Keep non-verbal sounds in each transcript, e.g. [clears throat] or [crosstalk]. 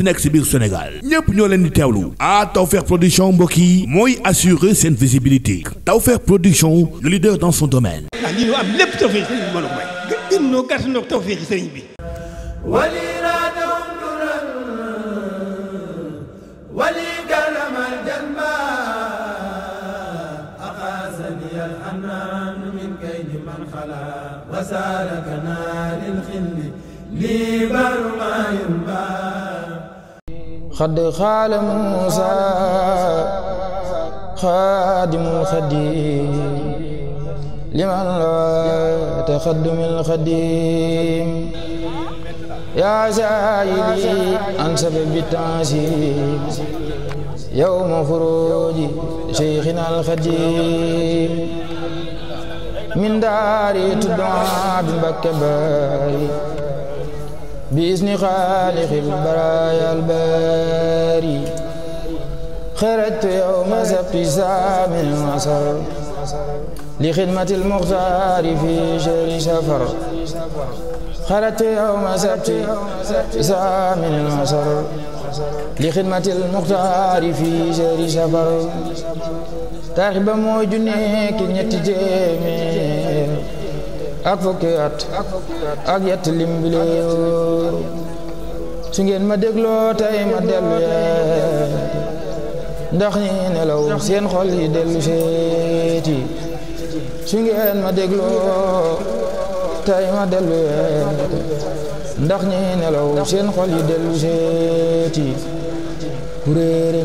munti nekk si biir Sénégal ñépp ñoo leen di teewlu ah Tawfekh production mbokk yi mooy assurer seen visibilité Tawfekh production le leader dans son domaine. ah lii ñu am lépp Tawfekh sëriñ bi mën a may. gën ñoo gàtt ñoo Tawfekh sëriñ bi. وسالكنا للخل لي برما ينبغي xad xaala Muusa xaadimul xadiim liman laa taxaddumil xadiim yaa saayili an sababi tansiim yawma xuruuji seyxina alxadiim min daari tuddaa bi Mbakke Baari بإذن خالق البرايا الباري خرجت يوم سبت سام المصر لخدمة المختار في شهر سفر خرجت يوم سبت سام المصر لخدمة المختار في شهر سفر ترحب موجنيك نتجمي ak fukki at ak yett lim bi léew su ngeen ma dégloo tey ma dellu yeet ndax ñi nelaw seen xol yi dellu seeti su ma dégloo tey ma dellu yeet ndax ñi nelaw seen xol yi dellu seeti ku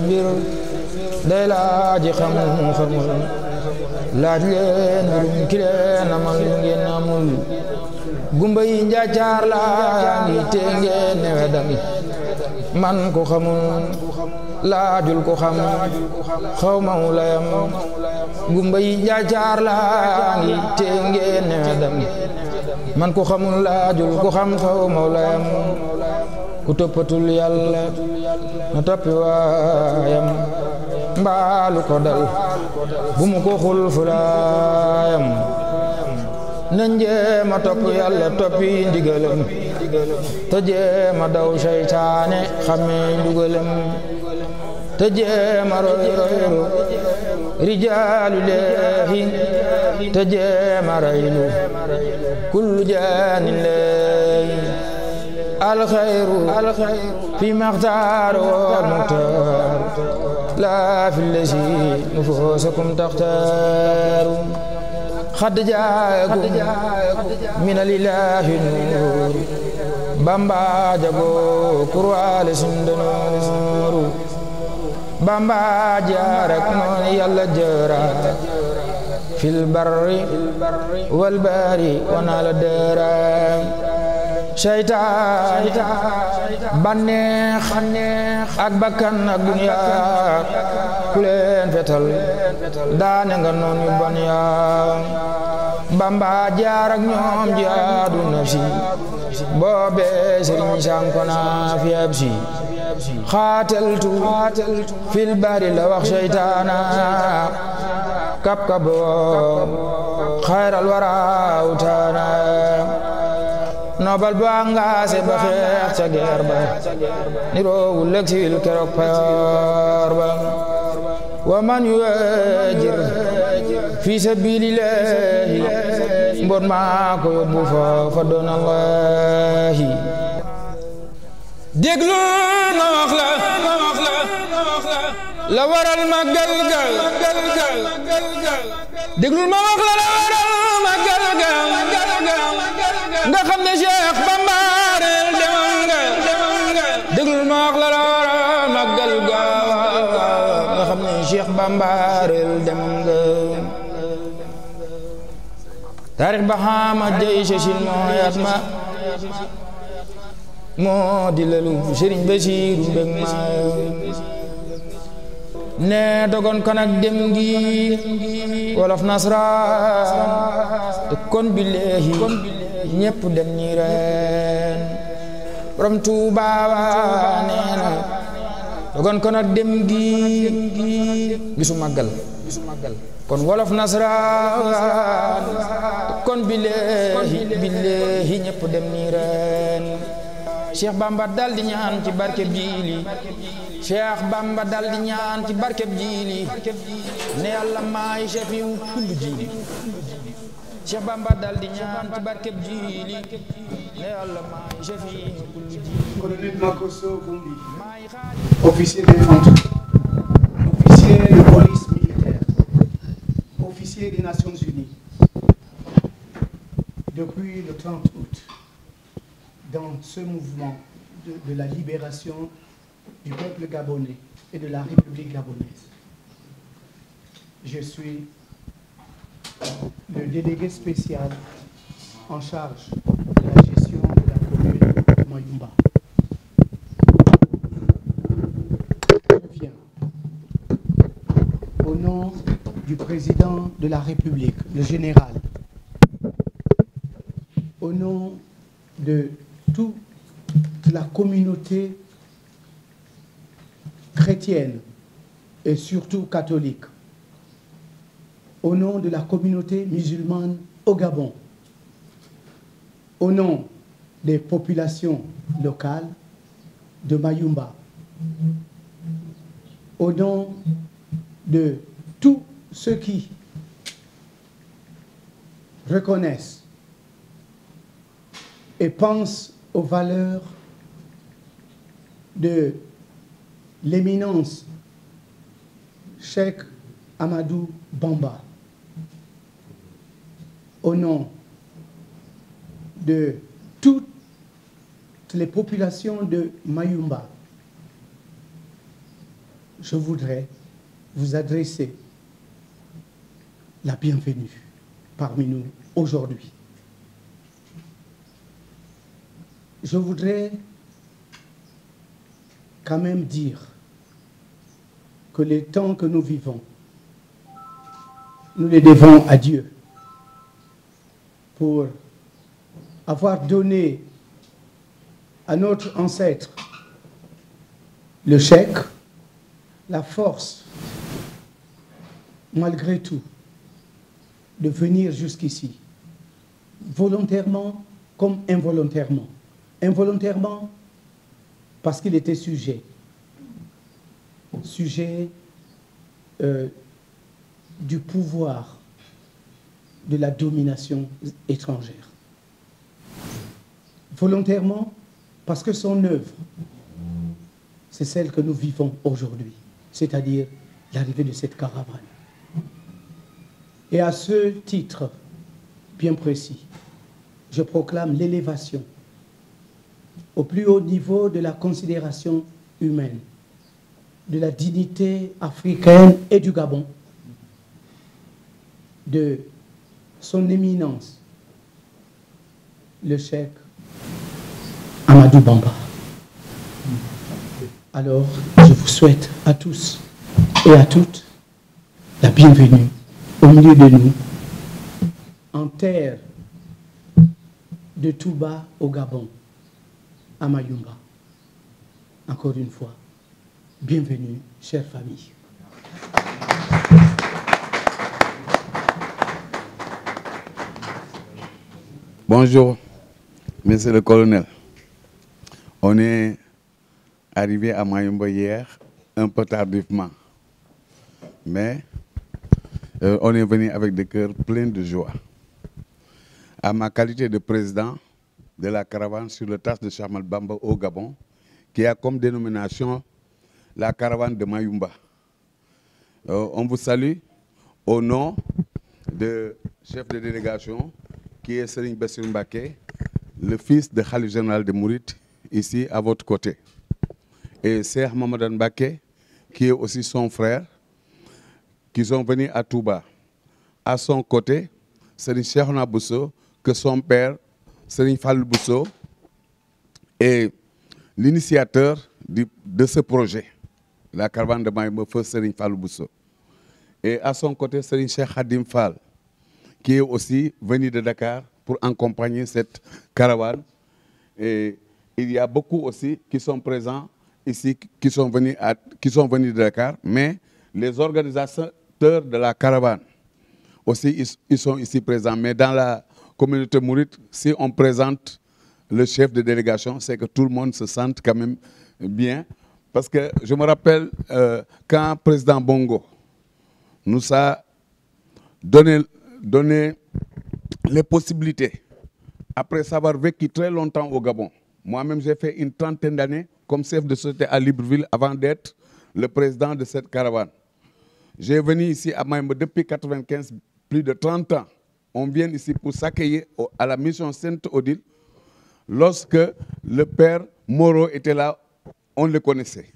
mbir day laaji xam xamul laaj leen rum ki leen amal lu ngeen amul gumba yi njaacaar laa ngi tee ngeen newe damit man ku xamul laajul ku xam xaw ma gumba yi njaacaar laa ngi tee ngeen newe damit man ku xamul laajul ku xam xaw ku toppatul yàlla na toppi waayam mbaalu ko dal bu ko xul fulaayam na njéema topp yàlla toppi ndigalam te daw seytaane xamee njugalam te jéema rijaalu leehi te jéema kullu jaanin leehi alxayru fi maxtaar wal لا في الذي نفوسكم تختار قد جاءكم من الإله النور بامبا جاغو كروال سندنور بامبا جارك من يلا جرا في البر والبار ونال الدرام seytaan banneex ak bakkan ak duniyaa ku fetal daane nga noon yu ban yaa bamba jaar ak ñoom nafsi boobee sëriñ sankona fi absi xaataltu fil bari la wax seytaana kap kabo xayral waraaw taana nobal ba ngaase ba xeex ca mbon maa ko fa doon allahi déglu na wax la la waral màggal ga déglu ma wax la la waral màggal ga nga xam ne Cheikh Bamba reel demal nga ma wax la loora màggal gaawa nga xam ne Cheikh Bamba reel taarix ba xaama jay sasin moo yaat ma moo di lalu sëriñ Basiiru mbég ma ne dogon kon dem gi wolof nasra te kon billahi ñépp dem ñi reen borom Tuuba waa nee dem gi bisu màggal kon wolof nasraan kon bileehi bileehi ñépp dem ñi reen Bamba dal ñaan ci barkeb jiili Cheikh Bamba dal ñaan ci barkeb jiili ne yàlla maay chef yi kull jiili Cheikh Bamba daal di ñaan ci barkeb jiili ne officier des Nations Unies. Depuis le 30 août, dans ce mouvement de la libération du peuple gabonais et de la République gabonaise, je suis le délégué spécial en charge de la gestion de la commune de Mayumba. au nom du président de la République, le général, au nom de toute la communauté chrétienne et surtout catholique au nom de la communauté musulmane au Gabon, au nom des populations locales de Mayumba, au nom de tous ceux qui reconnaissent et pensent aux valeurs de l'éminence Cheikh Amadou Bamba. au nom de toutes les populations de Mayumba, je voudrais vous adresser la bienvenue parmi nous aujourd'hui. Je voudrais quand même dire que les temps que nous vivons, nous les devons à Dieu. pour avoir donné à notre ancêtre le chèque, la force, malgré tout, de venir jusqu'ici, volontairement comme involontairement. Involontairement, parce qu'il était sujet, sujet euh, du pouvoir de la domination étrangère. Volontairement, parce que son œuvre, c'est celle que nous vivons aujourd'hui, c'est-à-dire l'arrivée de cette caravane. Et à ce titre bien précis, je proclame l'élévation au plus haut niveau de la considération humaine, de la dignité africaine et du Gabon, de son éminence le cheikh Amadou Bamba alors je vous souhaite à tous et à toutes la bienvenue au milieu de nous en terre de Touba au Gabon à encore une fois bienvenue chère famille Bonjour, monsieur le colonel. On est arrivé à Mayumba hier un peu tardivement, mais euh, on est venu avec des cœurs pleins de joie. À ma qualité de président de la caravane sur le traces de Cheikh Bamba au Gabon, qui a comme dénomination la caravane de Mayumba. Euh, on vous salue au nom de chef de délégation qui est Serigne Bassirou Mbacké, le fils de Khalife général des Mourides, ici à votre côté. Et Cheikh Mamadou Mbacké, qui est aussi son frère, qui sont venus à Touba. À son côté, Serigne Cheikhouna Bousso, que son père, Serigne Fallou Bousso, est l'initiateur de ce projet, la caravane de Maïmofa Serigne Fallou Bousso. Et à son côté, Serigne Cheikh Khadim fal qui est aussi venu de Dakar pour accompagner cette caravane. Et il y a beaucoup aussi qui sont présents ici, qui sont venus, à, qui sont venus de Dakar, mais les organisateurs de la caravane aussi, ils, sont ici présents. Mais dans la communauté mourite, si on présente le chef de délégation, c'est que tout le monde se sente quand même bien. Parce que je me rappelle euh, quand président Bongo nous a donné donner les possibilités. Après avoir vécu très longtemps au Gabon, moi-même j'ai fait une trentaine d'années comme chef de société à Libreville avant d'être le président de cette caravane. J'ai venu ici à Maïmbe depuis 1995, plus de 30 ans. On vient ici pour s'accueillir à la mission Sainte-Odile. Lorsque le père Moro était là, on le connaissait.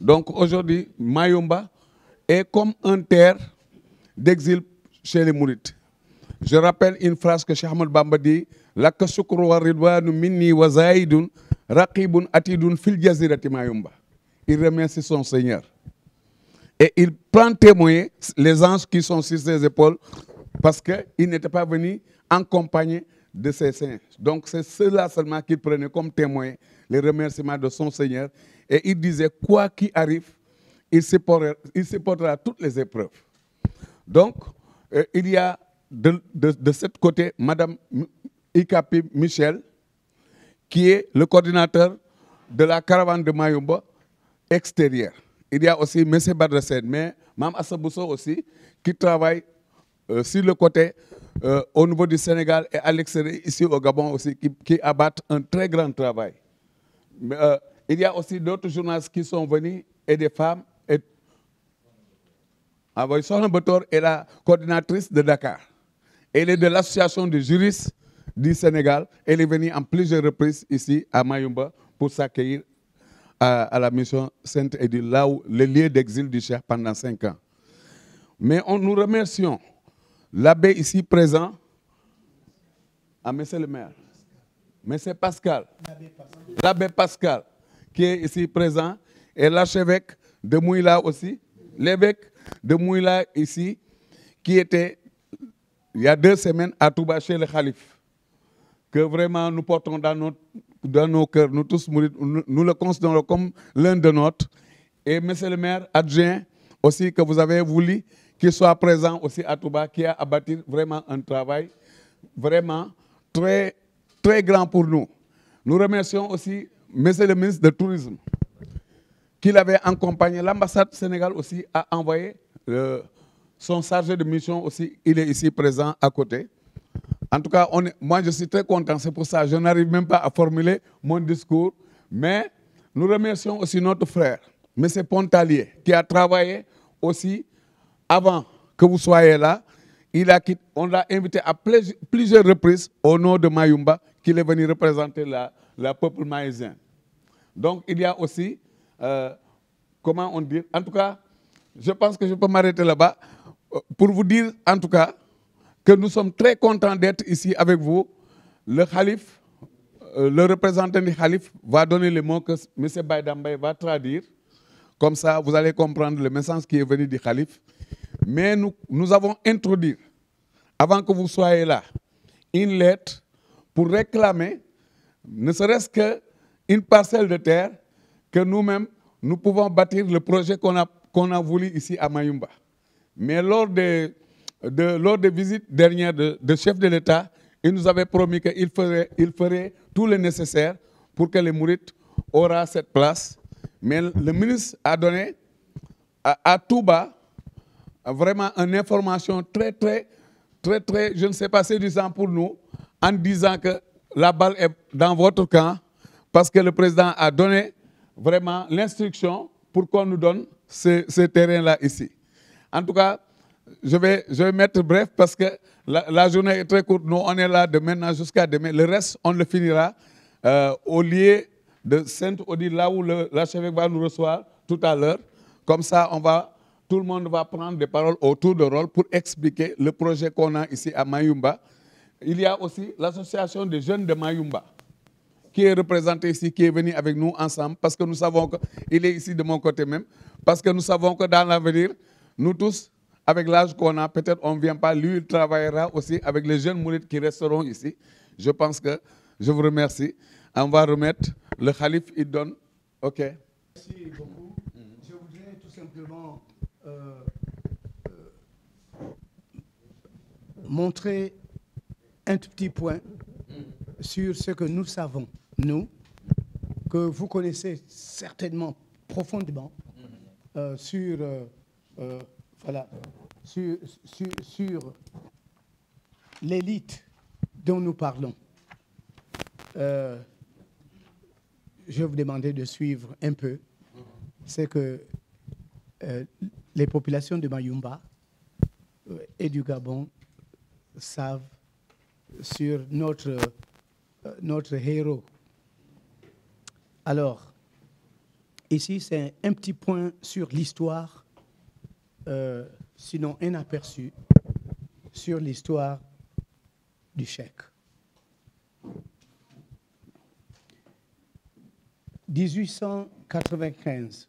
Donc aujourd'hui, Mayomba est comme un terre d'exil chez les Mourites. Je rappelle une phrase que Cheikh Ahmad Bamba dit laka shukru wa minni wa raqibun atidun fil jazirati mayumba il remercie son Seigneur et il prend témoin les anges qui sont sur ses épaules parce que il n'était pas venu en compagnie de ses saints donc c'est cela seulement qu'il prenait comme témoin les remerciements de son Seigneur et il disait quoi qu'il arrive il supportera, toutes les épreuves donc euh, il y a de, de, de cette côté Madame Ikapi Michel, qui est le coordinateur de la caravane de Mayumba extérieure. Il y a aussi M. Badrasen, mais Mme Assabousso aussi, qui travaille euh, sur le côté euh, au niveau du Sénégal et à l'extérieur, ici au Gabon aussi, qui, qui, un très grand travail. Euh, il y a aussi d'autres journalistes qui sont venus et des femmes. Et... Ah, Sohan Botor est la coordinatrice de Dakar. Elle est de l'association des juristes du Sénégal. Elle est venue en plusieurs reprises ici à Mayumba pour s'accueillir à, à, la mission Sainte-Édile, là où le lieu d'exil du chef pendant cinq ans. Mais on, nous remercions l'abbé ici présent, à ah, Monsieur le maire, Monsieur Pascal, l'abbé Pascal, qui est ici présent, et l'archevêque de Mouila aussi, l'évêque de Mouila ici, qui était il y a deux semaines à Touba chez le Khalif que vraiment nous portons dans, notre, dans nos cœurs, nous tous, nous, nous le considérons comme l'un de nôtres. Et monsieur le maire adjoint aussi que vous avez voulu qu'il soit présent aussi à Touba, qui a abattu vraiment un travail vraiment très, grand pour nous. Nous remercions aussi monsieur le ministre de Tourisme, qui l'avait accompagné. L'ambassade Sénégal aussi à envoyé... Le, Son chargé de mission aussi, il est ici présent à côté. En tout cas, on est, moi je suis très content, c'est pour ça je n'arrive même pas à formuler mon discours. Mais nous remercions aussi notre frère, M. Pontalier, qui a travaillé aussi avant que vous soyez là. Il a, on l'a invité à plusieurs reprises au nom de Mayumba, qu'il est venu représenter la, la peuple maïsien. Donc il y a aussi, euh, comment on dit, en tout cas, je pense que je peux m'arrêter là-bas. Euh, pour vous dire en tout cas que nous sommes très contents d'être ici avec vous. Le calife, euh, le représentant du calife va donner les mots que M. Baydambay va traduire. Comme ça, vous allez comprendre le message qui est venu du calife. Mais nous, nous avons introduit, avant que vous soyez là, une lettre pour réclamer, ne serait-ce qu'une parcelle de terre que nous-mêmes, nous pouvons bâtir le projet qu'on a, qu'on a voulu ici à Mayumba. Mais lors des, de, lors des visites dernières de, de chef de l'État, il nous avait promis qu'il ferait, il ferait tout le nécessaire pour que les Mourites aura cette place. Mais le ministre a donné à, à Touba vraiment une information très, très, très, très, je ne sais pas, séduisante pour nous, en disant que la balle est dans votre camp, parce que le président a donné vraiment l'instruction pour qu'on nous donne ce, ce terrain-là ici. En tout cas, je vais, je vais mettre bref parce que la, la journée est très courte. Nous, on est là de maintenant jusqu'à demain. Le reste, on le finira euh, au lieu de Sainte-Odile, là où l'archevêque va nous recevoir tout à l'heure. Comme ça, on va, tout le monde va prendre des paroles autour de rôle pour expliquer le projet qu'on a ici à Mayumba. Il y a aussi l'association des jeunes de Mayumba qui est représenté ici, qui est venu avec nous ensemble, parce que nous savons qu'il est ici parce que nous savons que Nous tous, avec l'âge qu'on a, peut-être on ne vient pas. Lui, il travaillera aussi avec les jeunes mourides qui resteront ici. Je pense que je vous remercie. On va remettre le calife, il donne. OK. Merci beaucoup. Je voudrais tout simplement euh, euh, montrer un tout petit point sur ce que nous savons, nous, que vous connaissez certainement profondément euh, sur euh, euh, voilà, sur, sur, sur l'élite dont nous parlons, euh, je vais vous demander de suivre un peu. C'est que euh, les populations de Mayumba euh, et du Gabon savent sur notre, euh, notre héros. Alors, ici, c'est un petit point sur l'histoire euh, sinon inaperçu, sur l'histoire du chèque. 1895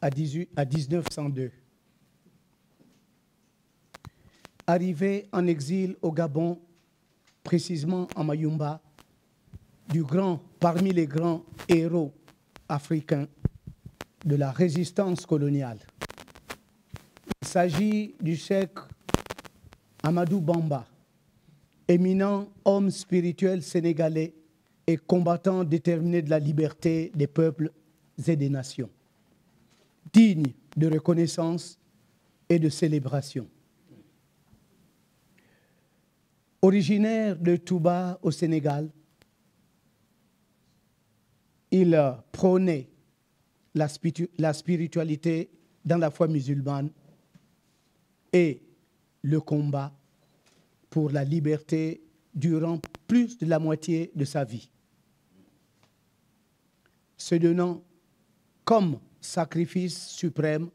à, 18, à 1902. Arrivé en exil au Gabon, précisément à Mayumba, du grand, parmi les grands héros africains la résistance coloniale. s'agit du cheikh Amadou Bamba, éminent homme spirituel sénégalais et combattant déterminé de la liberté des peuples et des nations, digne de reconnaissance et de célébration. Originaire de Touba au Sénégal, il prônait la spiritualité dans la foi musulmane et le combat pour la liberté durant plus de la moitié de sa vie, se donnant comme sacrifice suprême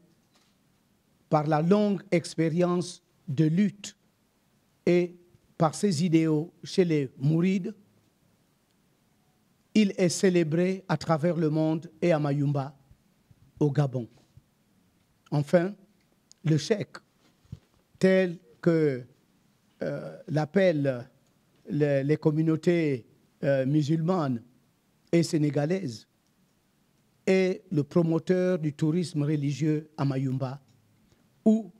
par la longue expérience de lutte et par ses idéaux chez les Mourides, il est célébré à travers le monde et à Mayumba, au Gabon. Enfin, le tels que euh, les communautés euh, musulmanes et sénégalaises, est le promoteur du tourisme religieux à Mayumba, où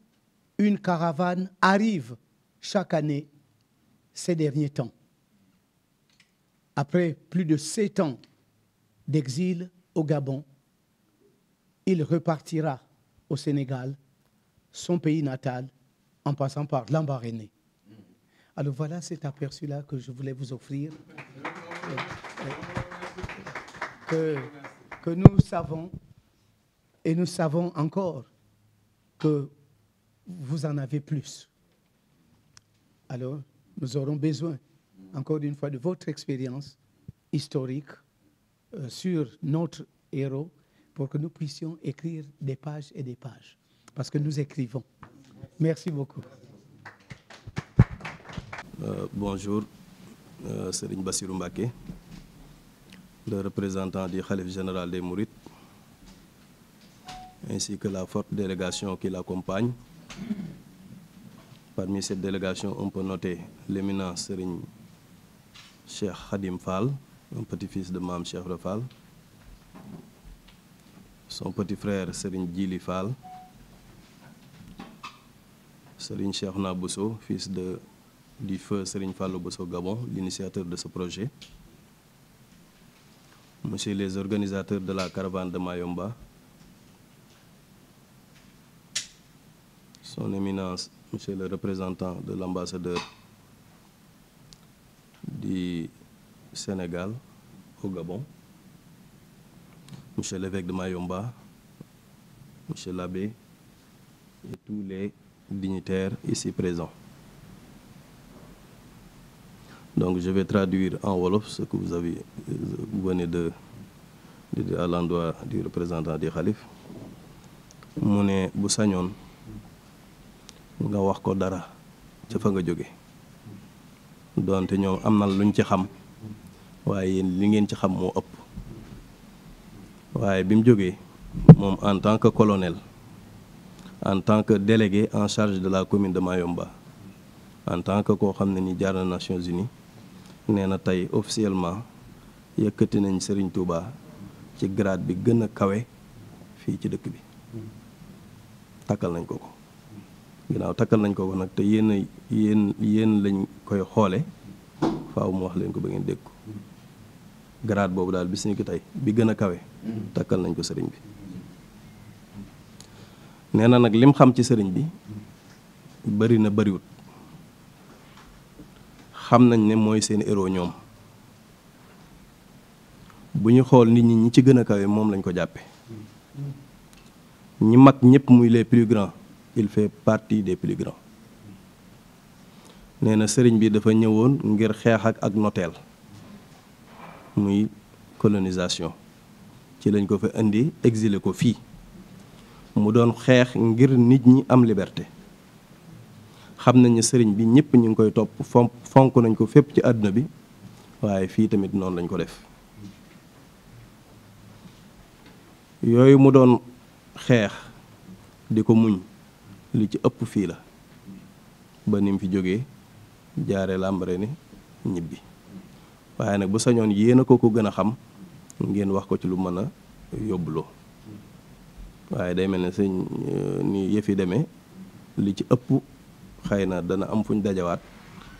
une caravane arrive chaque année ces derniers temps. Après plus de sept ans d'exil au Gabon, il repartira au Sénégal, son pays natal, en passant par l'embarrainé. Alors voilà cet aperçu-là que je voulais vous offrir, euh, euh, que, que nous savons, et nous savons encore que vous en avez plus. Alors, nous aurons besoin, encore une fois, de votre expérience historique euh, sur notre héros pour que nous puissions écrire des pages et des pages, parce que nous écrivons. Merci beaucoup. Euh, bonjour, euh, Serigne Bassirou Mbaké, le représentant du Khalif général des Mourites, ainsi que la forte délégation qui l'accompagne. Parmi cette délégation, on peut noter l'éminent Serigne Cheikh Khadim Fall, un petit-fils de maam Cheikh Rafal, son petit frère Serigne Djili Fall, Serigne Cheikhna Bousso fils de du feu Serigne Fallou Bousso Gabon l'initiateur de ce projet monsieur les organisateurs de la caravane de Mayomba son éminence monsieur le représentant de l'ambassadeur du Sénégal au Gabon monsieur l'évêque de Mayomba monsieur l'abbé et tous les dignitaires ici présents. Donc je vais traduire en Wolof ce que vous avez vous de, de, de à l'endroit du représentant du xalif mu ne bu sañoon nga wax ko dara ca fa nga jóge donte ñoom am na luñ ci xam waaye yéen li ngeen ci xam moo ëpp waaye bi mu jógee moom en tant que colonel en tant que délégué en charge de la commune de Mayomba en tant que koo xam ne ni jaar na Nations Unies nee na tey officiellement yëkkati nañ sëriñ Touba ci grade bi gën a kawe fii ci dëkk bi takkal nañ ko ko ginnaaw takkal nañ ko ko nag te yéen yéen yéen lañ koy xoole faaw mu wax leen ko ba ngeen dégg ko grade boobu daal bis ni ki tey bi gën a kawe mm. takkal nañ ko sëriñ bi nee na nag lim xam ci sëriñ bi bari na bariwut xam nañ ne mooy seen héros ñoom bu ñu xool nit ñi ñi ci gën a kawe moom lañ ko jàppe ñi mag ñëpp muy les plus grands il fait partie des plus grands nee na sëriñ bi dafa ñëwoon ngir xeex ak ak noteel muy colonisation ci lañ ko fa indi exilé ko fii mu doon xeex ngir nit ñi am liberté xam nañ ne sëriñ bi ñëpp ñu ngi koy topp fonk nañ ko fépp ci àdduna bi waaye fii tamit noonu lañ ko def yooyu mu doon xeex di ko muñ li ci ëpp fii la ba ni mu fi jóge jaare làmbare ni ñibbi waaye nag bu sañoon yéen a ko ko gën a xam ngeen wax ko ci lu mën a yóbbuloo waaye day mel ne sëñ euh, ni yëf yi demee li ci ëpp xëy na dana am fuñ dajawaat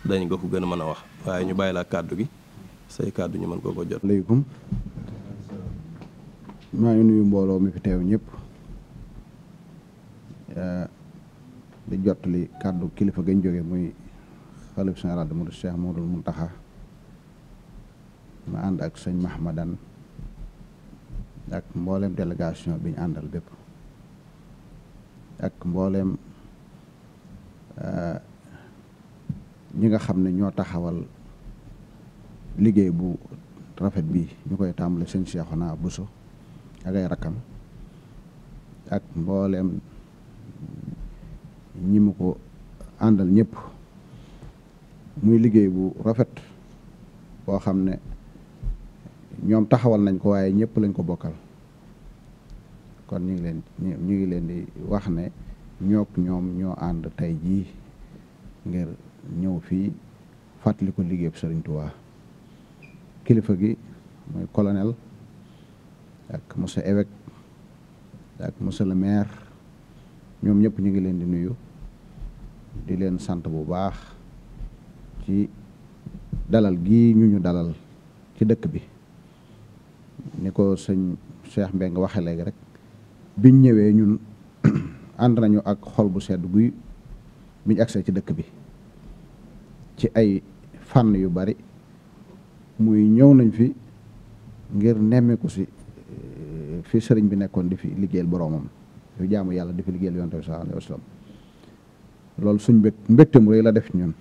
dañ nga ko gën a mën a wax waaye ñu bàyyi laa kàddu gi say kàddu ñu mën koo ko jot. aleykum maa ngi nuyu mbooloo mi fi teew ñëpp euh, di jot li kàddu kilifa gañ jóge muy xalif général de Mouride Cheikh Mouhamadoul taxa ma ànd ak sëñ Mahmadan ak mboolem délégation bi ñu àndal bépp ak mbooleem eh, ñi nga xam ne ñoo taxawal liggéey bu rafet bi ñu koy tàmbale sëñ Cheikhouna bu so ay rakkam ak mbooleem ñi mu ko àndal ñëpp muy liggéey bu rafet boo xam ne ñoom taxawal nañ ko waaye ñëpp lañ ko bokkal kon ñu ngi leen ñu ngi leen di wax ne ñook ñoom ñoo ànd tey jii ngir ñëw fii fàttaliku ko liggéeyub Sëriñ kilifa gi muy colonel ak monsieur évêque ak monsieur le maire ñoom ñëpp ñu ngi leen di nuyu di leen sant bu baax ci dalal gii ñu ñu dalal ci dëkk bi ni ko sëñ Cheikh Mbeng waxe léegi rek biñ ñëwee ñun [clears throat] ànd nañu ak xol bu sedd guy biñ agsee ci dëkk bi ci ay fànn yu bari muy ñëw nañ fi ngir nemmeeku si eh, fi sëriñ bi nekkoon di fi liggéeyal boroomam yu jaamu yàlla di fi liggéeyal yonent bi sallallahu alayhi wa sallam loolu suñ mbég mbégte mu rëy la def ñun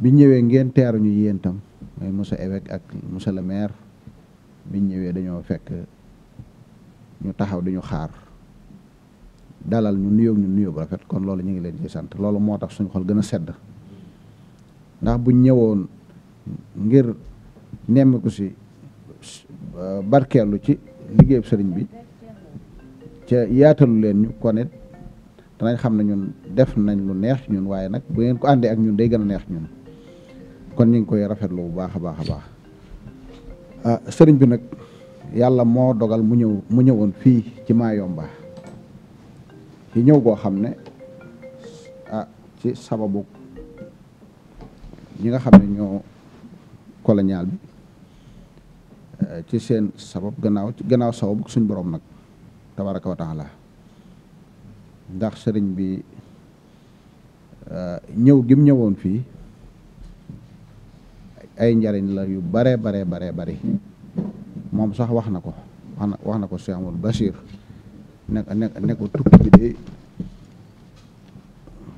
biñ ñëwee ngeen teeruñu yéen tam mooy monsieur évêque ak monsieur le maire biñ ñëwee dañoo fekk ñu taxaw di ñu xaar dalal ñu nuyoog ñu bu rafet kon loolu ñu ngi leen ci sant loolu moo tax suñu xol gën a sedd ndax buñ ñëwoon ngir nemmiku si euh, barkeelu ci liggéeyub sëriñ bi ca yaatalu leen ñu kon it danañ xam na ñun def nañ lu neex ñun waaye nag bu ngeen ko àndee ak ñun day gën a neex ñun kon ñu ngi koy rafetlu bu baax a baax a baax ah sëriñ bi nag. yàlla moo dogal mu ñëw mu ñëwoon fii ci Mayomba ci ñëw goo xam ne ah ci sababu ñi nga xam ne ñoo colonial bi eh, ci seen sabab gannaaw ci gannaaw sababu suñ borom nag tabaraka wa la ndax sëriñ bi eh, ñëw gim ñëwoon fii ay njariñ la yu bare bare bare bari moom sax wax na ko wax na wax na ko Cheikh Amadou Bachir ne ne ne tukki bi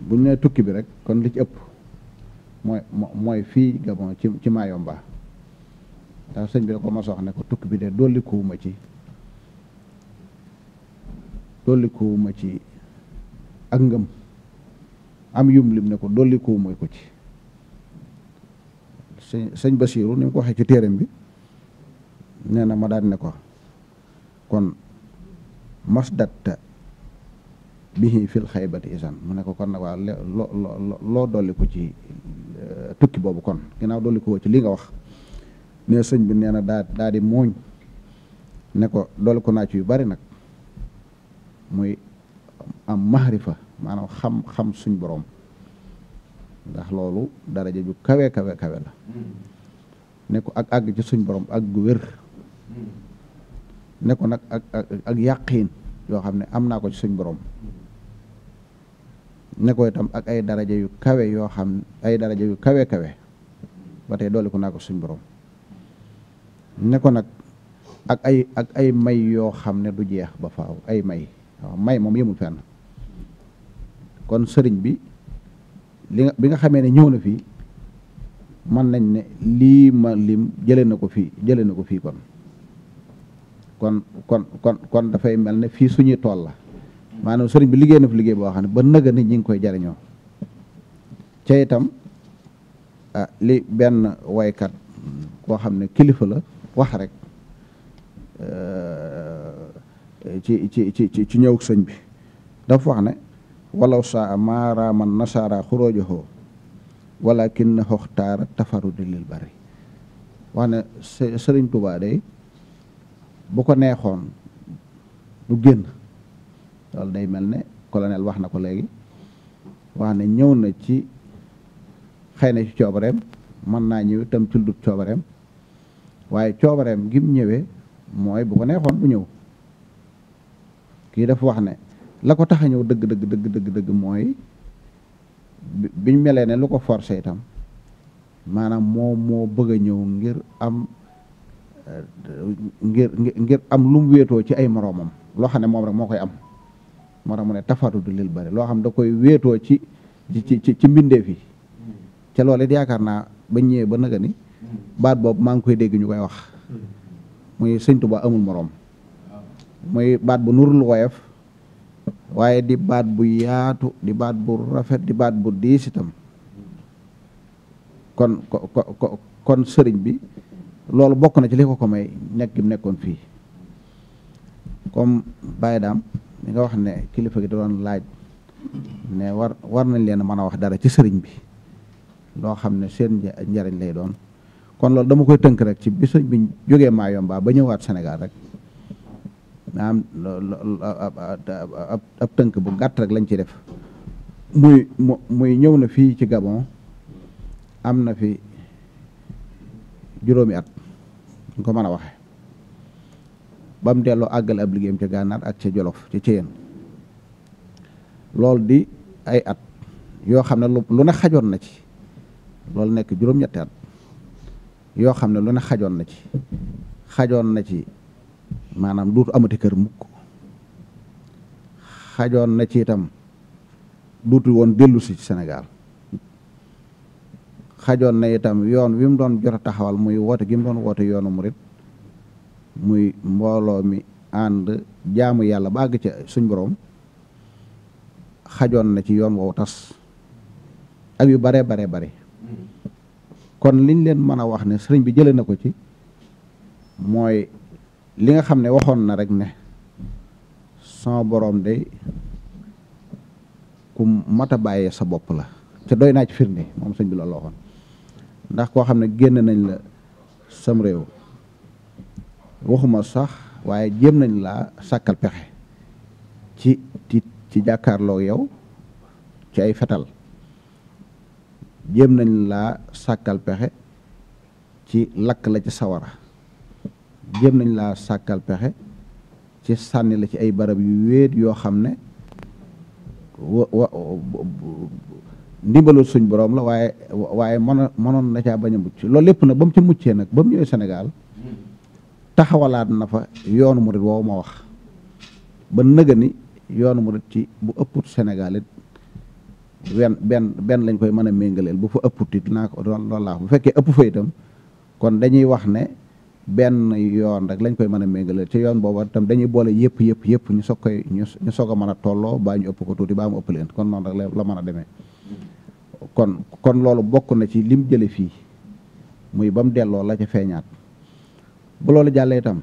bu ñu nee tukki rek kon li ci ëpp mooy mooy fii Gabon ci ci Mayomba ndax sëñ bi da ko mos wax ne ko tukki bi de dolli kuwuma ci dolli ci ak ngëm am yum lim ne ko dolli kuwuma ko ci sëñ sëñ Basiiru ni mu ko waxee ci téeram bi nee na ma daan ne ko kon masdatta bihi fil xaybati isan mu ne ko kon na waa loo loo dolli ko ci euh, tukki boobu kon ginnaaw dolli ko ci li nga wax ne sëñ bi nee na daa daa di mooñ ne ko dolli ko naa yu bari nag muy am mahrifa maanaam xam xam suñ borom ndax loolu daraja ju kawe kawe kawe la mm-hmm. ne ko ak agg ci suñ borom ak gu wér ne nag ak ak ak yàqiin yoo xam ne am naa ko ci suñ boroom ne ko ak ay daraja yu kawe yoo xam ay daraja yu kawe kawe ba tey doole ko naa ko suñ boroom ne nag ak ay ak ay may yoo xam ne du jeex ba faaw ay may moom yëmul fenn kon sëriñ bi li bi nga xamee ne ñëw na fii mën nañ ne lii ma lim jëlee na ko fii jëlee na ko fii kon kon kon kon kon dafay mel ne fii suñuy tool la maanaam sëriñ bi liggéey na fi liggéey boo xam ne ba nëga ni ñi ngi koy jariñoo ca itam ah, li benn woykat koo xam ne kilifa la wax rek eh, ci ci ci ci ñëw sëñ bi dafa wax ne walaw saa maaraaman nasaara xuroojoxoo walakin na xoxtaara tafaru di lil bari wax ne sëriñ Tuubaa day bu ko neexoon lu génn loolu day mel ne colonel wax na ko léegi wax ne ñëw na ci xëy na ci coobareem mën naa ñëw itam ci lu coobareem waaye coobareem gi ñëwee mooy bu ko neexoon bu ñëw kii dafa wax ne la ko tax a ñëw dëgg dëgg dëgg dëgg dëgg mooy biñ melee ne lu ko forcé itam maanaam moom moo bëgg a ñëw ngir am ngir ngir am lu mu wéetoo ci ay moroomam loo xam ne moom rek moo koy am moo mu ne tafaatu du lil bari loo xam da koy wéetoo ci ci ci ci mbindeef yi ca loolu yaakaar naa ba ñëwee ba naga baat boobu maa ngi koy dégg ñu koy wax muy sëñ Tuubaa amul moroom muy baat bu nurul woyof waaye di baat bu yaatu di baat bu rafet di baat bu diis kon ko kon sëriñ bi loolu bokk na ci li ko ko may nekk gi mu nekkoon fii comme Baye Dame mi nga wax ne kilifa gi da laaj ne war war nañ leen mën a wax dara ci sëriñ bi loo xam ne seen njariñ lay doon kon loolu dama koy tënk rek ci bi sëriñ bi jógee Mayomba ba ñëwaat Sénégal rek ab tënk bu gàtt rek lañ ci def muy muy ñëw na fii ci Gabon am na fi juróomi at ñu ko mën a waxe ba mu delloo àggale ab liggéeyam ca gànnaar ak ca jolof ca céyeen loolu di ay at yoo xam ne lu ne xajoon na ci loolu nekk juróom-ñetti at yoo xam ne lu ne xajoon na ci xajoon na ci maanaam duutu amati kër mukk xajoon na ci itam duutu woon dellu si ci Sénégal xajoon na itam yoon wi mu doon jot a taxawal muy woote gi mu doon woote yoonu murit muy mbooloo mi ànd jaamu yàlla ba àgg ca suñ boroom xajoon na ci yoon woowu tas ak yu bare bare bari kon liñ leen mën a wax ne sëriñ bi jëlee na ko ci mooy li nga xam ne waxoon na rek ne sama boroom day kum mat a bàyyee sa bopp la te doy naa ci firnde moom sëñ bi loolu waxoon ndax koo xam ne génn nañ la sam réew waxuma sax waaye jéem nañ laa sàkkal pexe ci ci ci jàkkaarloo yow ci ay fetal jéem nañ laa sàkkal pexe ci lakk la ci sawara jéem nañ laa sàkkal pexe ci sànni la ci ay barab yu wéet yoo xam ne wa ndimbalu suñ borom la waaye waaye mën mënoon na caa bañ a mucc loolu lépp nag ba ci muccee nag ba mu ñëwee senegal taxawalaat na fa yoonu murit woowu ma wax ba nëga ni yoonu murit ci bu ëpput senegalit it wenn benn benn lañ koy mën a méngaleel bu fa ëpput it naa ko doon loolu laa bu fekkee ëpp fa tam kon dañuy wax ne benn yoon rek lañ koy mën a méngaleel ci yoon booba tam dañuy boole yëpp yëpp yëpp ñu soog koy ñu soog a mën a tolloo baa ñu ëpp ko tuuti baa mu ëpp leen kon noonu rek la mën a demee kon kon loolu bokk na ci lim jële fii muy ba mu delloo la ca feeñaat bu loolu jàllee itam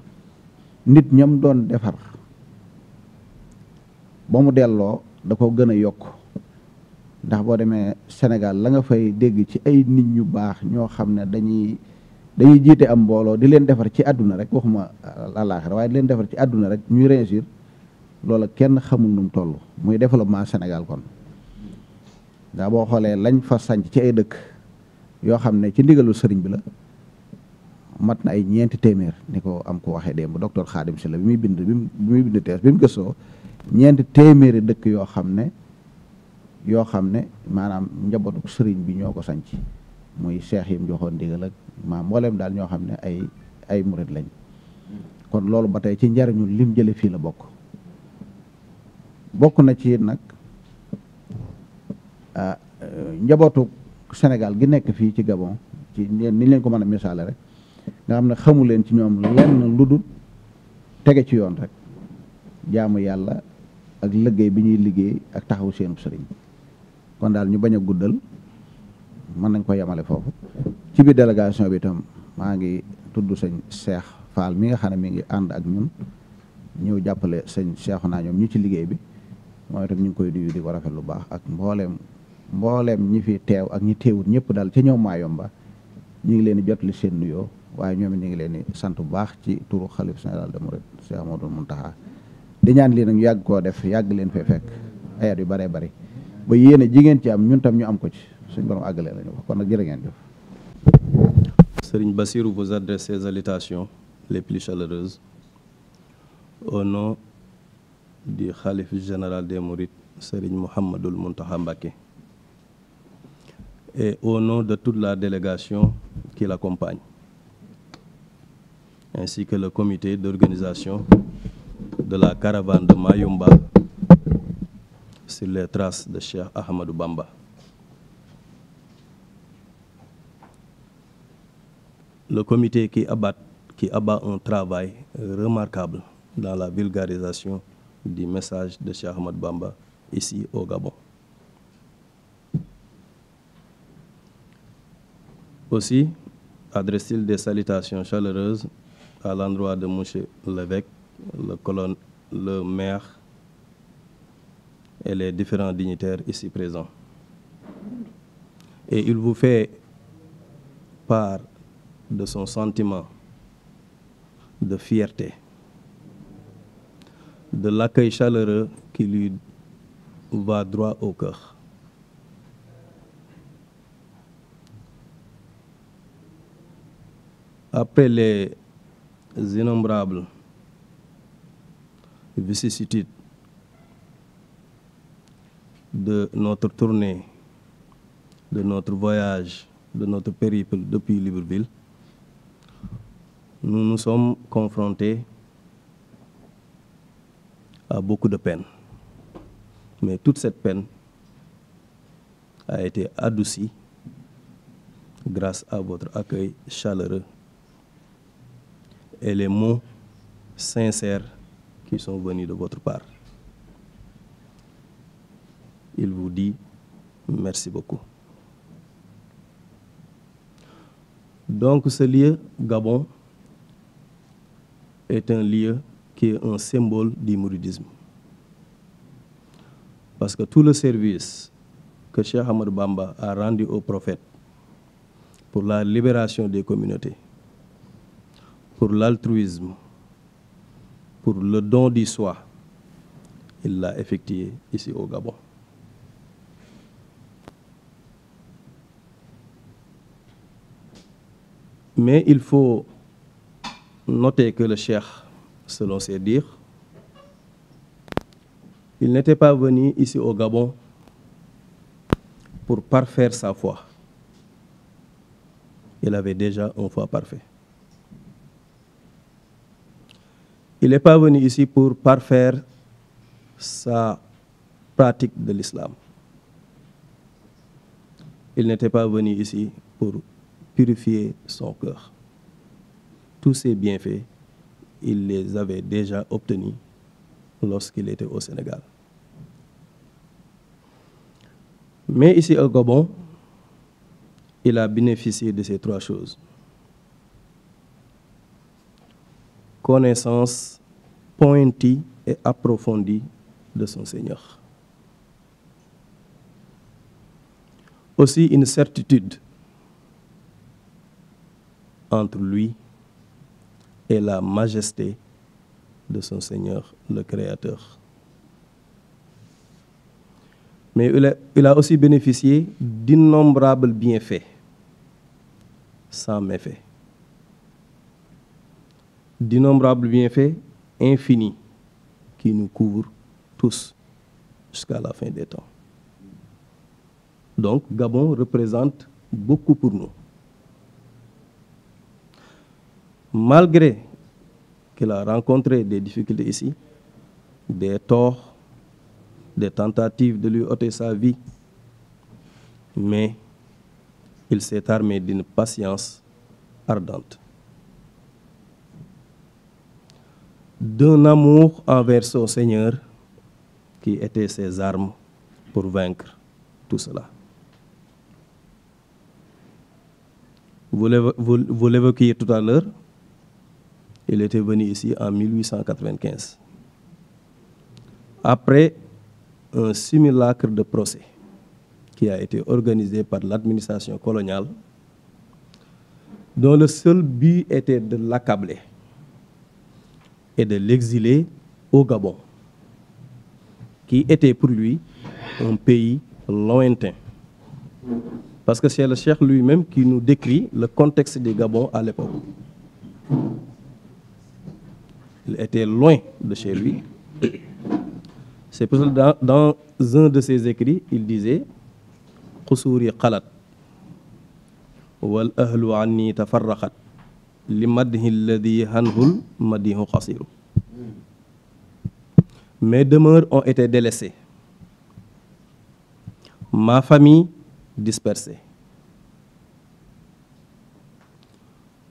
nit ñam doon defar ba mu delloo da ko gën a yokk ndax boo demee Sénégal la nga fay dégg ci ay nit ñu baax ñoo xam ne dañuy dañuy jiite am mbooloo di leen defar ci àdduna rek waxuma àllaaxira waaye di leen defar ci àdduna rek ñuy réussir loola kenn xamul nu mu toll muy développement Sénégal kon daa boo xoolee lañ fa sanc ci ay dëkk yoo xam ne ci ndigalu sëriñ bi la mat na ay ñeenti téeméer ni ko am ko waxee démb mu Khadim Sylla bi muy bind bi muy bind tees bi mu gëstoo ñeenti téeméeri dëkk yoo xam ne yoo xam ne maanaam njabootu sëriñ bi ñoo ko sanc muy seex yi mu joxoon ndigal maa maam mbooleem daal ñoo xam ne ay ay murit lañ kon loolu ba tey ci njariñu lim jële fii la bokk bokk na ci nag Euh, njabootu Sénégal gi nekk fii ci Gabon ci ni leen ko mën a misaale rek nga xam xamu leen ci ñoom lenn lu dul tege ci yoon rek jaamu yàlla ak liggéey bi ñuy liggéey ak taxaw seenu sëriñ kon daal ñu bañ a guddal mën nañ ko yemale foofu ci biir délégation bi itam maa ngi tudd sëñ Cheikh Fall mi nga xam ne mi ngi ànd ak ñun ñëw jàppale sëñ Cheikh naa ñoom ñu ci liggéey bi mooy itam ñu ngi koy nuyu di ko rafet lu baax ak mbooleem mbooleem ñi fi teew ak ñi teewut ñëpp daal ca ñoom Maayomba ñu ngi leen di jot li seen nuyoo waaye ñoom ñu ngi leen di sant bu baax ci turu xalif général des mourides Cheikh Amadou Mountakha di ñaan lii nag ñu yàgg koo def yàgg leen fee fekk ay yu bëree bëri ba yéen a jigéen ci am ñun ñu am ko ci suñ borom àggalee lañu wax kon nag jërë ngeen jëf. Serigne Bassirou vous adresse ses salutations les plus chaleureuses au nom du khalife général des mourides Serigne Mouhamadoul Mountakha Mbacké et au nom de toute la délégation qui l'accompagne, ainsi que le comité d'organisation de la caravane de Mayumba sur les traces de Cheikh Ahmadou Bamba. Le comité qui abat, qui abat un travail remarquable dans la vulgarisation du message de Cheikh Ahmadou Bamba ici au Gabon. Aussi, adresse-t-il des salutations chaleureuses à l'endroit de monsieur l'évêque, le colonel, le maire et les différents dignitaires ici présents. Et il vous fait part de son sentiment de fierté, de l'accueil chaleureux qui lui va droit au cœur. Après les innombrables vicissitudes de notre tournée, de notre voyage, de notre périple depuis Libreville, nous nous sommes confrontés à beaucoup de peines. Mais toute cette peine a été adoucie grâce à votre accueil chaleureux et les mots sincères qui sont venus de votre part. Il vous dit merci beaucoup. Donc ce lieu, Gabon, est un lieu qui un symbole du mouridisme. Parce que tout le service que Cheikh Ahmed Bamba a rendu au prophète pour la libération des communautés, pour l'altruisme, pour le don du soi, il l'a effectué ici au Gabon. Mais il faut noter que le cheikh, selon ses dires, il n'était pas venu ici au Gabon pour parfaire sa foi. Il avait déjà un foi parfait. Il n'est pas venu ici pour parfaire sa pratique de l'islam. Il n'était pas venu ici pour purifier son cœur. Tous ces bienfaits, il les avait déjà obtenus lorsqu'il était au Sénégal. Mais ici au Gabon, il a bénéficié de ces trois choses. connaissance pointie et approfondie de son Seigneur. Aussi une certitude entre lui et la majesté de son Seigneur, le Créateur. Mais il a, il a aussi bénéficié d'innombrables bienfaits sans méfaits. d'innombrables bienfaits infinis qui nous couvrent tous jusqu'à la fin des temps. Donc, Gabon représente beaucoup pour nous. Malgré qu'il la rencontré des difficultés ici, des torts, des tentatives de lui ôter sa vie, mais il s'est armé d'une patience ardente d'un amour envers son Seigneur qui était ses armes pour vaincre tout cela. Vous l'évoquiez tout à l'heure, il était venu ici en 1895, après un simulacre de procès qui a été organisé par l'administration coloniale, dont le seul but était de l'accabler et de l'exiler au Gabon, qui était pour lui un pays lointain. Parce que c'est le cheikh lui-même qui nous décrit le contexte du Gabon à l'époque. Il était loin de chez lui. C'est pour cela dans, un de ses écrits, il disait Qusuri qalat wal ahlu anni tafarraqat li madhi alladi hanhul madihu qasiru mes demeures ont été délaissées ma famille dispersée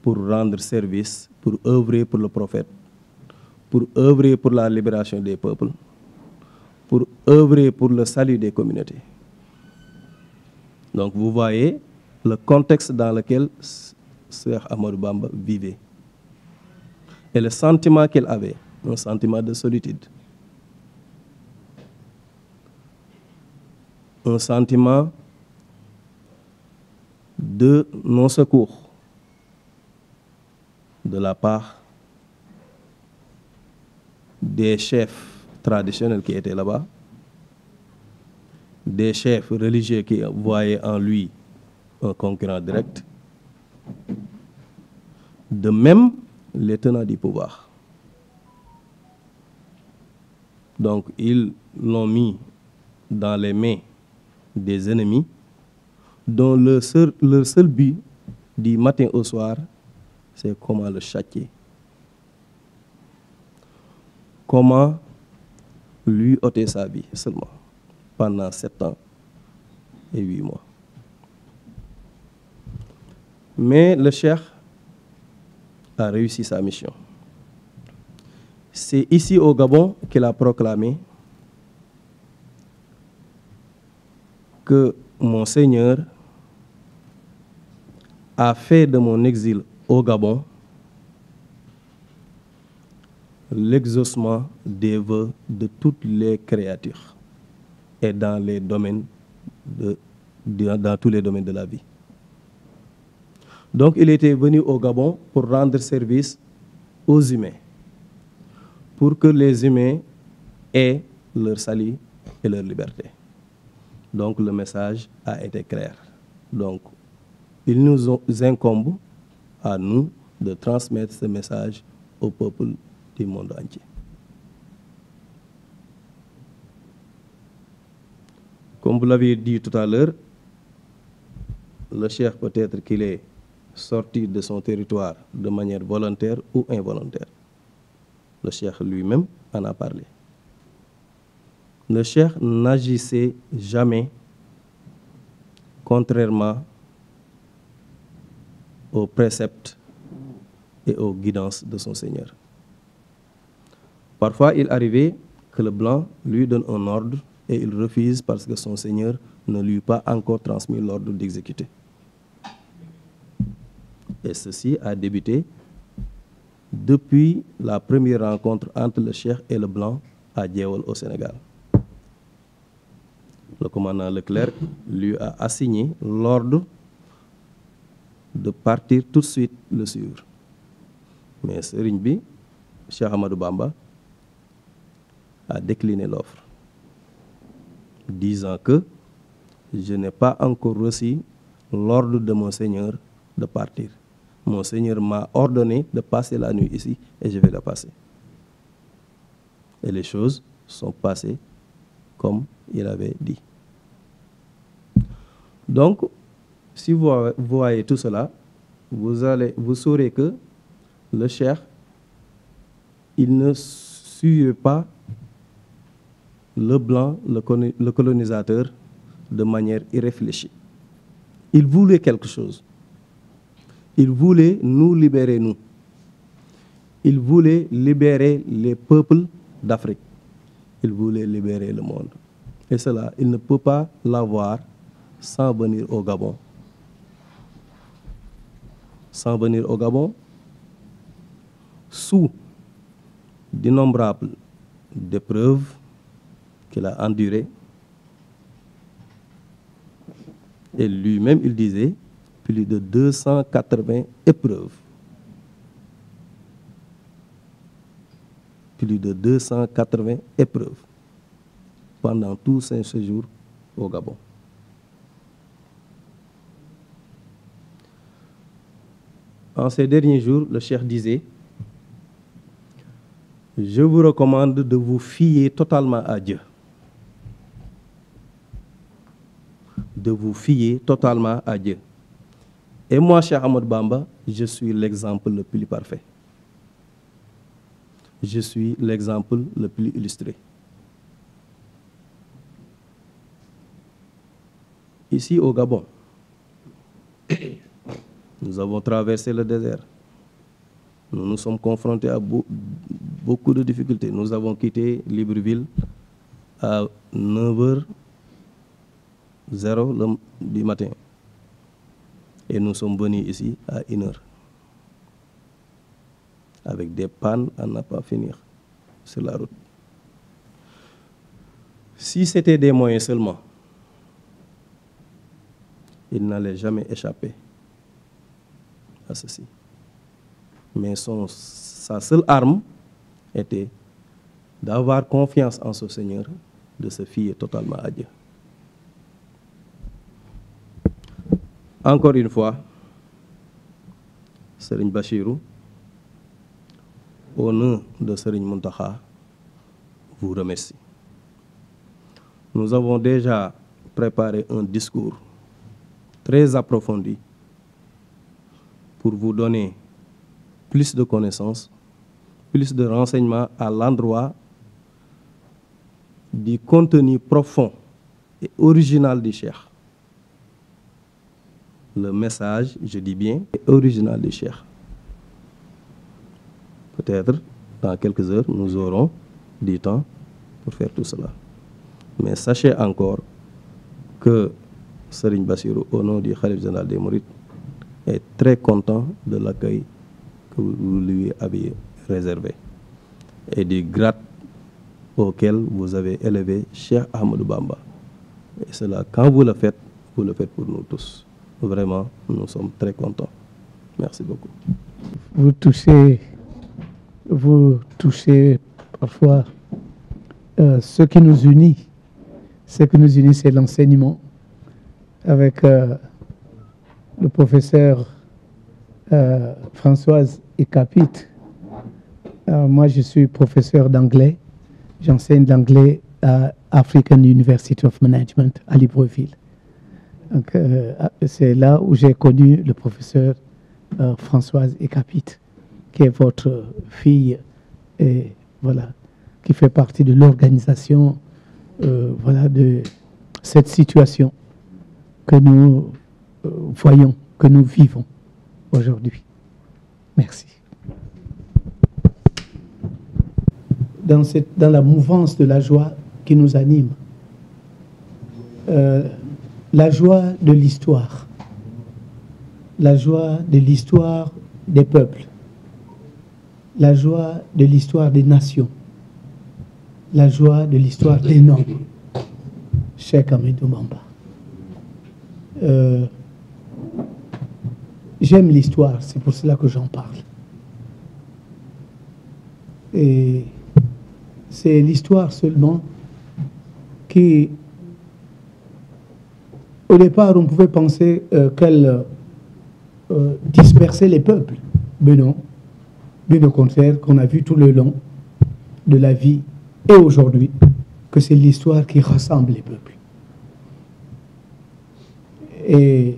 pour rendre service pour œuvrer pour le prophète pour œuvrer pour la libération des peuples pour œuvrer pour le salut des communautés donc vous voyez le contexte dans lequel Cheikh Amadou Bamba vivait. Et le sentiment qu'elle avait, un sentiment de solitude, un sentiment de non-secours de la part des chefs traditionnels qui étaient là-bas, des chefs religieux qui voyaient en lui un concurrent direct, De même, les tenants du pouvoir. Donc, ils l'ont mis dans les mains des ennemis dont le seul, leur seul but du matin au soir, c'est comment le châtier. Comment lui ôter sa vie seulement pendant sept ans et huit mois. Mais le cheikh a réussi sa mission. C'est ici au Gabon qu'il a proclamé que mon Seigneur a fait de mon exil au Gabon l'exaucement des vœux de toutes les créatures et dans les domaines de, dans tous les domaines de la vie. Donc il était venu au Gabon pour rendre service aux humains, pour que les humains aient leur salut et leur liberté. Donc le message a été clair. Donc il nous incombe à nous de transmettre ce message au peuple du monde entier. Comme vous l'avez dit tout à l'heure, le chef peut-être qu'il est sorti de son territoire de manière volontaire ou involontaire. Le cheikh lui-même en a parlé. Le cheikh n'agissait jamais contrairement aux préceptes et aux guidances de son Seigneur. Parfois, il arrivait que le blanc lui donne un ordre et il refuse parce que son Seigneur ne lui a pas encore transmis l'ordre d'exécuter. Et ceci a débuté depuis la première rencontre entre le Cheikh et le Blanc à Djéwol au Sénégal. Le commandant Leclerc lui a assigné l'ordre de partir tout de suite le suivre. Mais Serigne bi, Cheikh Ahmadou Bamba, a décliné l'offre, disant que je n'ai pas encore reçu l'ordre de mon Seigneur de partir. Mon Seigneur m'a ordonné de passer la nuit ici et je vais la passer. Et les choses sont passées comme il avait dit. Donc, si vous voyez tout cela, vous, allez, vous saurez que le cher, il ne suivait pas le blanc, le colonisateur, de manière irréfléchie. Il voulait quelque chose. Il voulait nous libérer, nous. Il voulait libérer les peuples d'Afrique. Il voulait libérer le monde. Et cela, il ne peut pas l'avoir sans venir au Gabon. Sans venir au Gabon, sous d'innombrables épreuves qu'il a endurées, et lui-même, il disait, plus de 280 épreuves. Plus de 280 épreuves pendant tous ces séjours au Gabon. En ces derniers jours, le Cheikh disait, je vous recommande de vous fier totalement à Dieu. De vous fier totalement à Dieu. Et moi, cher Ahmad Bamba, je suis l'exemple le plus parfait. Je suis l'exemple le plus illustré. Ici au Gabon, [coughs] nous avons traversé le désert. Nous nous sommes confrontés à beaucoup de difficultés. Nous avons quitté Libreville à 9h00 du matin. Et nous sommes venus ici à une Avec des pannes à n'a pas finir sur la route. Si c'était des moyens seulement, il n'allait jamais échapper à ceci. Mais son, sa seule arme était d'avoir confiance en ce Seigneur, de se fier totalement à Dieu. encore une fois Serigne Bachirou au nom de Serigne Mountakha vous remercie nous avons déjà préparé un discours très approfondi pour vous donner plus de connaissances plus de renseignements à l'endroit du contenu profond et original du Cheikh le message, je dis bien, original du Cheikh. Peut-être, dans quelques heures, nous aurons du temps pour faire tout cela. Mais sachez encore que Serigne Bassirou, au nom du Khalif général des Mourides, est très content de l'accueil que vous avez réservé et du grade auquel vous avez élevé Cheikh Ahmadou Bamba. Et cela, quand vous le faites, le faites pour nous tous. Vraiment, nous sommes très contents. Merci beaucoup. Vous touchez, vous touchez parfois euh, ce qui nous unit. Ce qui nous unit, c'est l'enseignement. Avec euh, le professeur euh, Françoise Ecapit. Euh, moi, je suis professeur d'anglais. J'enseigne l'anglais à African University of Management à Libreville. Donc, euh, c'est là où j'ai connu le professeur euh, Françoise Ecapit, qui est votre fille, et voilà, qui fait partie de l'organisation euh, voilà, de cette situation que nous euh, voyons, que nous vivons aujourd'hui. Merci. Dans, cette, dans la mouvance de la joie qui nous anime, euh, la joie de l'histoire, la joie de l'histoire des peuples, la joie de l'histoire des nations, la joie de l'histoire des noms, Cheikh Ahmadou Bamba. Euh, j'aime l'histoire, c'est pour cela que j'en parle. Et c'est l'histoire seulement qui Au départ, on pouvait penser euh, qu'elle euh, dispersait les peuples. Mais non, bien au contraire, qu'on a vu tout le long de la vie et aujourd'hui, que c'est l'histoire qui rassemble les peuples. Et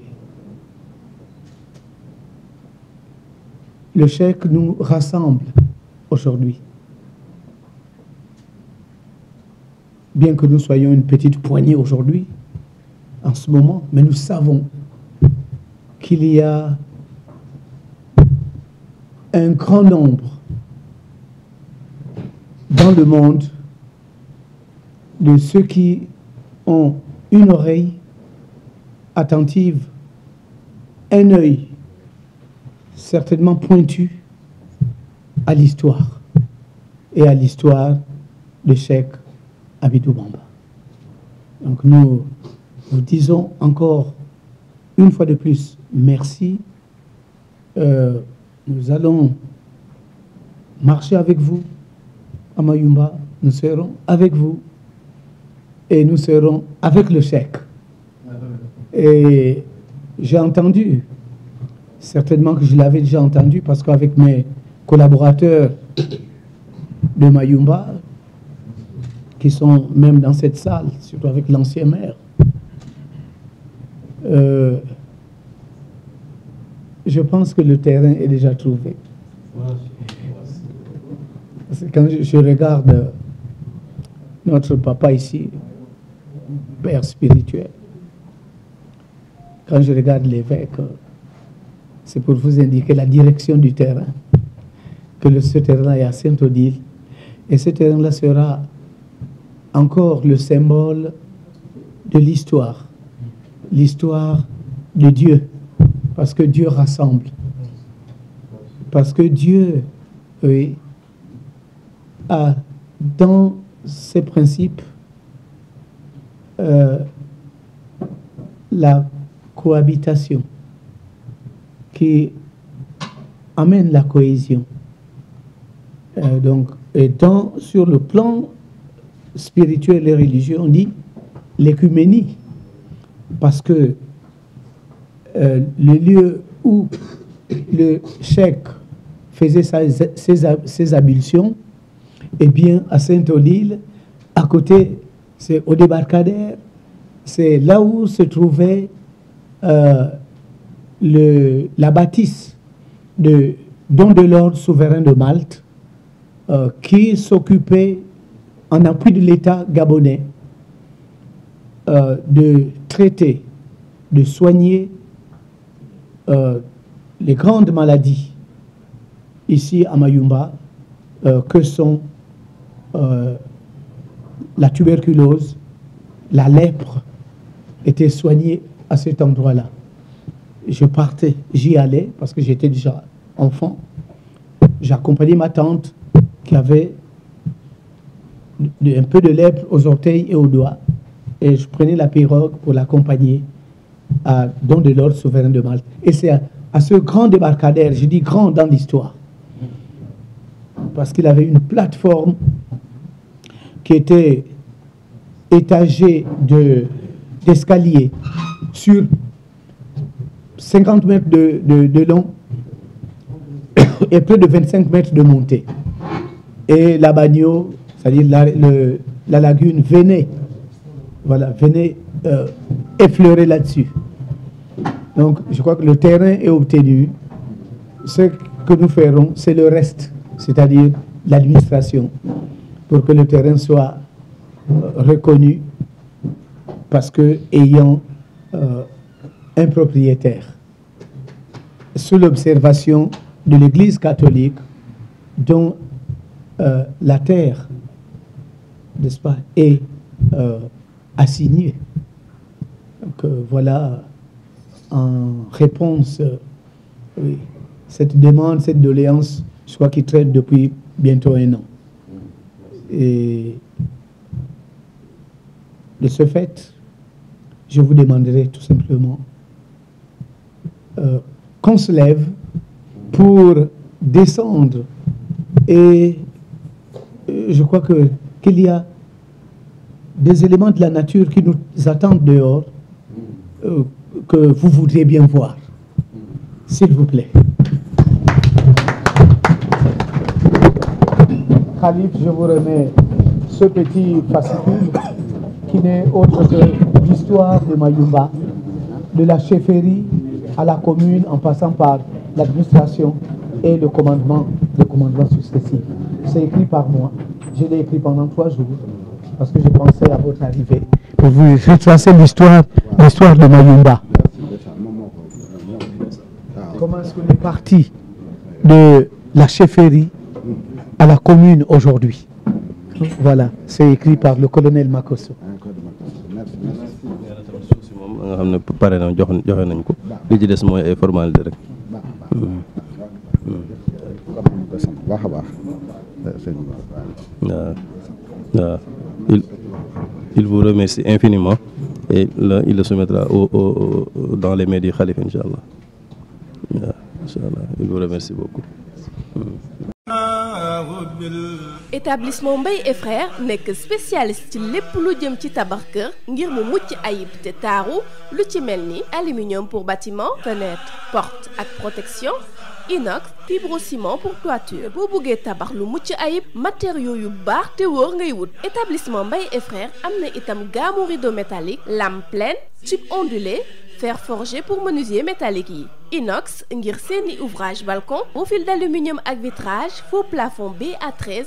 le chèque nous rassemble aujourd'hui. Bien que nous soyons une petite poignée aujourd'hui, en ce moment, mais nous savons qu'il y a un grand nombre dans le monde de ceux qui ont une oreille attentive, un œil certainement pointu à l'histoire et à l'histoire de Cheikh Abidou Bamba. Donc nous nous disons encore une fois de plus merci. Euh, nous allons marcher avec vous à Mayumba. Nous serons avec vous et nous serons avec le chèque. Et j'ai entendu, certainement que je l'avais déjà entendu, parce qu'avec mes collaborateurs de Mayumba, qui sont même dans cette salle, surtout avec l'ancien maire, Euh, je pense que le terrain est déjà trouvé. que quand je, je regarde euh, notre papa ici, père spirituel, quand je regarde l'évêque, euh, c'est pour vous indiquer la direction du terrain, que ce terrain est à saint Et ce terrain-là sera encore le symbole de l'histoire l'histoire de Dieu, parce que Dieu rassemble, parce que Dieu oui, euh, a dans ses principes euh, la cohabitation qui amène la cohésion. Euh, donc, et dans, sur le plan spirituel et religieux, on dit l'écuménie parce que euh, le lieu où le chèque faisait sa, ses, ses ablutions, eh bien, à Sainte-Odile, à côté, c'est au débarcadère, c'est là où se trouvait euh, le, la bâtisse de don de l'ordre souverain de Malte, euh, qui s'occupait en appui de l'État gabonais euh, de traiter, de soigner euh, les grandes maladies ici à Mayumba euh, que sont euh, la tuberculose, la lèpre, était soignée à cet endroit-là. Je partais, j'y allais parce que j'étais déjà enfant. J'accompagnais ma tante qui avait un peu de lèpre aux orteils et aux doigts. et je prenais la pirogue pour l'accompagner à don de l'ordre souverain de Malte. Et c'est à, ce grand débarcadère, je dis grand dans l'histoire, parce qu'il avait une plateforme qui était étagée d'escaliers de, sur 50 mètres de, de, de long et près de 25 mètres de montée. Et la bagnole, c'est-à-dire la lagune, venait voilà, venez euh, effleurer là-dessus. Donc, je crois que le terrain est obtenu. Ce que nous ferons, c'est le reste, c'est-à-dire l'administration, pour que le terrain soit euh, reconnu parce que ayant euh, un propriétaire sous l'observation de l'Église catholique dont euh, la terre, n'est-ce pas, est euh, assigné. Donc euh, voilà, en réponse, euh, oui, cette demande, cette doléance, je crois qu'il traite depuis bientôt un an. Et de ce fait, je vous demanderai tout simplement euh, qu'on se lève pour descendre. Et euh, je crois que qu'il y a des éléments de la nature qui nous attendent dehors euh, que vous voudriez bien voir. S'il vous plaît. Khalif, je vous remets ce petit fascicule qui n'est autre que l'histoire de Mayumba, de la chefferie à la commune en passant par l'administration et le commandement, le commandement successif. C'est écrit par moi. Je l'ai écrit pendant trois jours. parce que je pensais à votre arrivée pour vous retracer l'histoire l'histoire de Mayumba. Comment est-ce qu'on est parti de la chefferie à la commune aujourd'hui? c'est écrit par le colonel Makosso. joxe nañ ko li ci des mooy ay formalité rek. waaw waaw. il, il vous remercie infiniment et là, il le soumettra au, dans les mains du Khalife, Inch'Allah. Yeah, Il vous remercie beaucoup. Mm. établissement Mbaye et frères nekk spécialiste ci lépp lu jëm ci tabax kër ngir mu mucc ayib te taaru lu ci mel ni aluminium pour bâtiment fenêtre porte ak protection inox fibrociment pour toiture boo bëggee tabax lu mucc ayib matériaux yu baax te wóor ngay wut. établissement Mbaye et am na itam gamme rideau métallique lame pleine type ondulé fer forgé pour menuisier métallique yi. inox ngir seeni ouvrage balcon profil d'aluminium ak vitrage faux plafond BA13.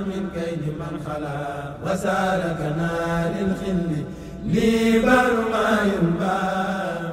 الخلا وسالك نار الخل لي برما ينبع